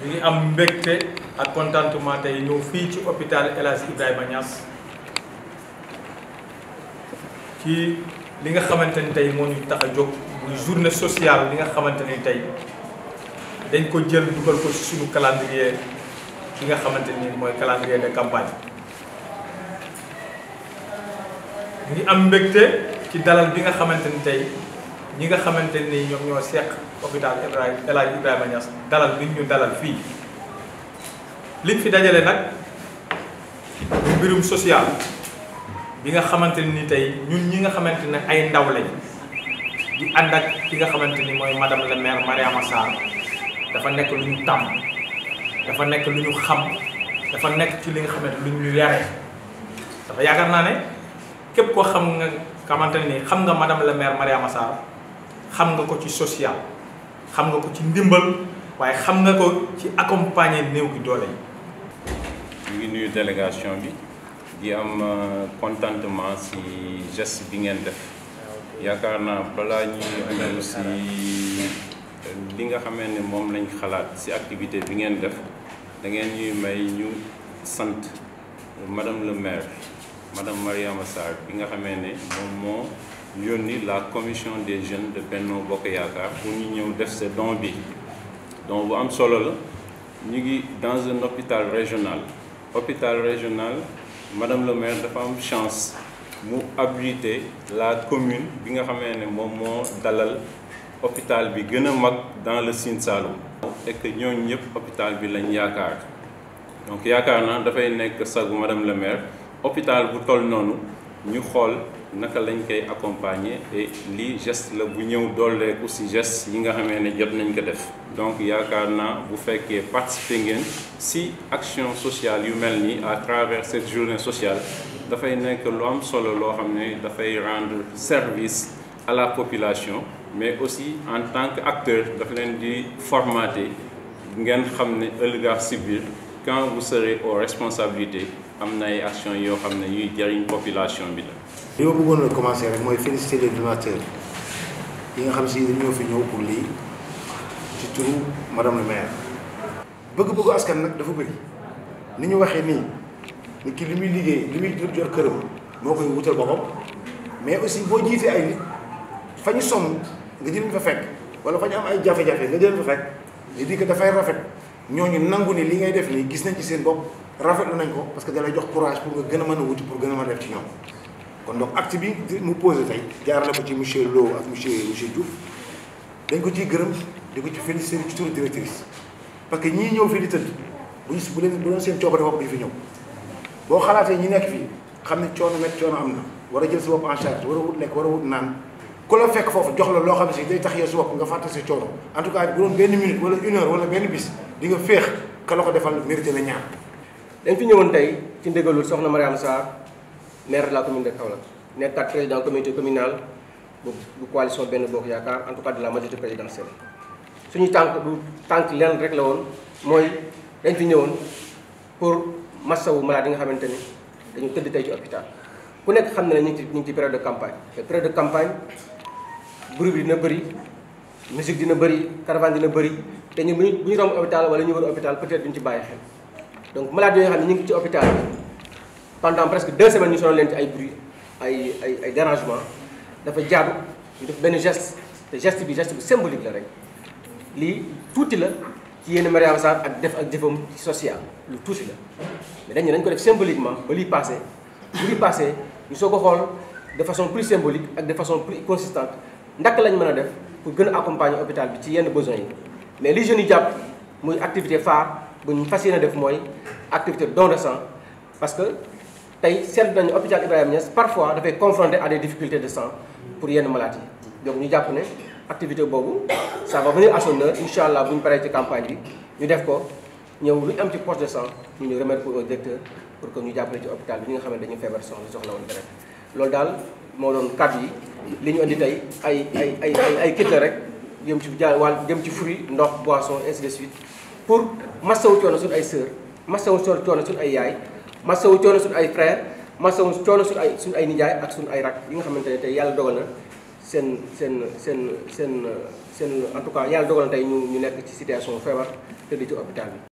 ñu ngi am mbégte ak contentement tey ñëw fii ci hôpital El Hadj Ibrahima Niass ci li nga xamante ni tey moo ñu tax a jóg muy journée sociale li nga xamante ni tey dañ ko jël dugal ko ci suñu calendrier ki nga xamante ni mooy calendrier de campagne ñu ngi am mbégte ci dalal bi nga xamante ni tey. ñi nga xamante ni ñoom ñoo seq hôpital Ibrahima El Hadj Ibrahima Niass dalal bi ñu dalal fii liñ fi dajale nag mu mbirum social bi nga xamante ni tey ñun ñi nga xamante ne ay ndaw lañ di ànd ak ki nga xamante ni mooy madame le maire Mariama Sarr dafa nekk luñu tàmm dafa nekk lu ñu xam dafa nekk ci li nga xamante lu ñu yare dafa yaakaar naa ne képp koo xam nga xamante ni xam nga madame le maire Mariama Sarr xam nga ko ci social xam nga ko ci ndimbal waaye xam nga ko ci accompagner néew gi doole yi. ñu ngi délégation bi di am euh, contentement si geste bi ngeen def yaakaar naa balaa ñuy anam si li nga xamee ne moom lañ xalaat si activité bi ngeen def da ngeen ñuy may ñu sant madame le maire madame Mariama Sarr bi nga xamee ne moom moo. yónni la commission des jeunes de Benno Bokk Yaakaar pour ñu ñëw def sa don bii donc bu am solo la ñu ngi dans un hôpital régional hôpital régional madame le maire dafa am chance mu abriter la commune bi nga xamee ne moom moo dalal hôpital bi gën a mag dans le Sine Saloum et que ñooñu ñëpp hôpital bi lañ yaakaar donc yaakaar naa dafay nekk sagu madame le maire hôpital bu toll noonu ñu xool naka lañ koy accompagner et lii geste la bu ñëw dooleeku ci geste yi nga xamee ne jot nañ ko def donc yaakaar naa bu fekkee participer ngeen ci action sociale yu mel nii à travers cette journée sociale dafay nekk lu am solo loo xam ne dafay rendre service à la population mais aussi en tant que acteur dafa leen di formater ngeen xam ne ëllëgaar ci biir quand vous serez aux responsabilité am na ay actions yoo xam ne yuy jariñ population bi la. li ma bëggoon a rek mooy féliciter les donateurs yi nga xam si dañoo fi ñëw pour lii ci turu madame le maire. bëgg-bëggu askan nag dafa bëri ni ñu waxee nii ni ki li muy liggéey li muy jot këram moo koy wutal boppam mais aussi boo jiitee ay nit fa ñu somm nga jël fa fekk wala fa ñu am ay jafe-jafe nga jël fa fekk li di dafay rafet. ñooñu nangu ni li ngay def nii gis nañ ci seen bopp rafetlu nañ ko parce que dalay jox courage pour nga gën a mën a wuti pour gën a mën a def ci ñoom kon bi mu posé tey jaar na ko ci monsieur Lo ak gërëm di ko ci félicité ci turu directrice parce que ñii ñëw fii di bu ñu bu bu doon seen coobare bopp bu ñu fi ñëw boo xalaatee ñi nekk fii ne coono met coono am na war a jël sa bopp en charge war a war a wut naan ku la fekk foofu jox la loo xam ne si day tax yow sa bopp nga fàtte sa coono en tout cas bu doon benn minute wala une heure benn bis di nga féex ka defal ko defal te na ñaan dañ fi ñëwoon tey ci ndigalul soxna Mariama Sarr maire de la commune de Kaolack nekkat président comité communal bu bu coalition benn bokk yaakaar en tout cas de la majorité présidentielle suñu tànk du tànk leen rek la woon mooy dañ fi ñëwoon pour massawu malade yi nga xamante ni dañu tëdd tey ci hôpital ku nekk xam na ne ñu ngi ci ñu ngi ci période de campagne te période de campagne bruit bi na bëri musique dina bëri caravane dina bëri te ñu bu ñu romb hôpital wala ñu wër hôpital peut-être duñu ci bàyyi xel donc malade yooyu xam ne ñu ngi ci hôpital pendant presque deux semaines ñu sonal leen ci ay bruit ay ay ay dérangement dafa jaadu ñu def benn geste te bi geste bu symbolique la rek lii tuuti la ci yenn Mariama Sarr ak def ak jëfam ci social lu tuuti la mais dañu dañ ko def symboliquement ba lii passé bu lii passé ñu soo ko xool de façon plus symbolique ak de façon plus consistante ndax lañ mën a def pour gën a accompagner hôpital bi ci yenn besoins yi mais li jeunes yi jàpp muy activité phare bu ñu fas yéene def mooy activité don de sang parce que tey seetlu nañu hôpital Ibrahima Niass parfois dafay confronté à des difficultés de sang pour yenn maladies donc ñu jàpp ne activité boobu ça va venir à son heure allah bu ñu paree ci campagne bi ñu def ko ñëw lu am ci poche de sang ñu ñu remettre au directeur pour que ñu jàppale ci hôpital bi nga xam ne dañuy feebar soxla soxla woon daal. moo doon kàddu yi li ñu indi tey ay ay ay ay kit rek jëm ci jaay wàll jëm ci fruit ndox boisson ainsi de suite pour masawu coono suñu ay sœur masawu coono suñu ay yaay masawu coono suñu ay massa wu coono suñu ay suñu ay nijaay ak suñu ay rak yi nga xamante ne tey yàlla dogal na seen seen seen seen seen en tout cas yàlla dogal na tey ñu ñu nekk ci situation feebar te di ci hôpital bi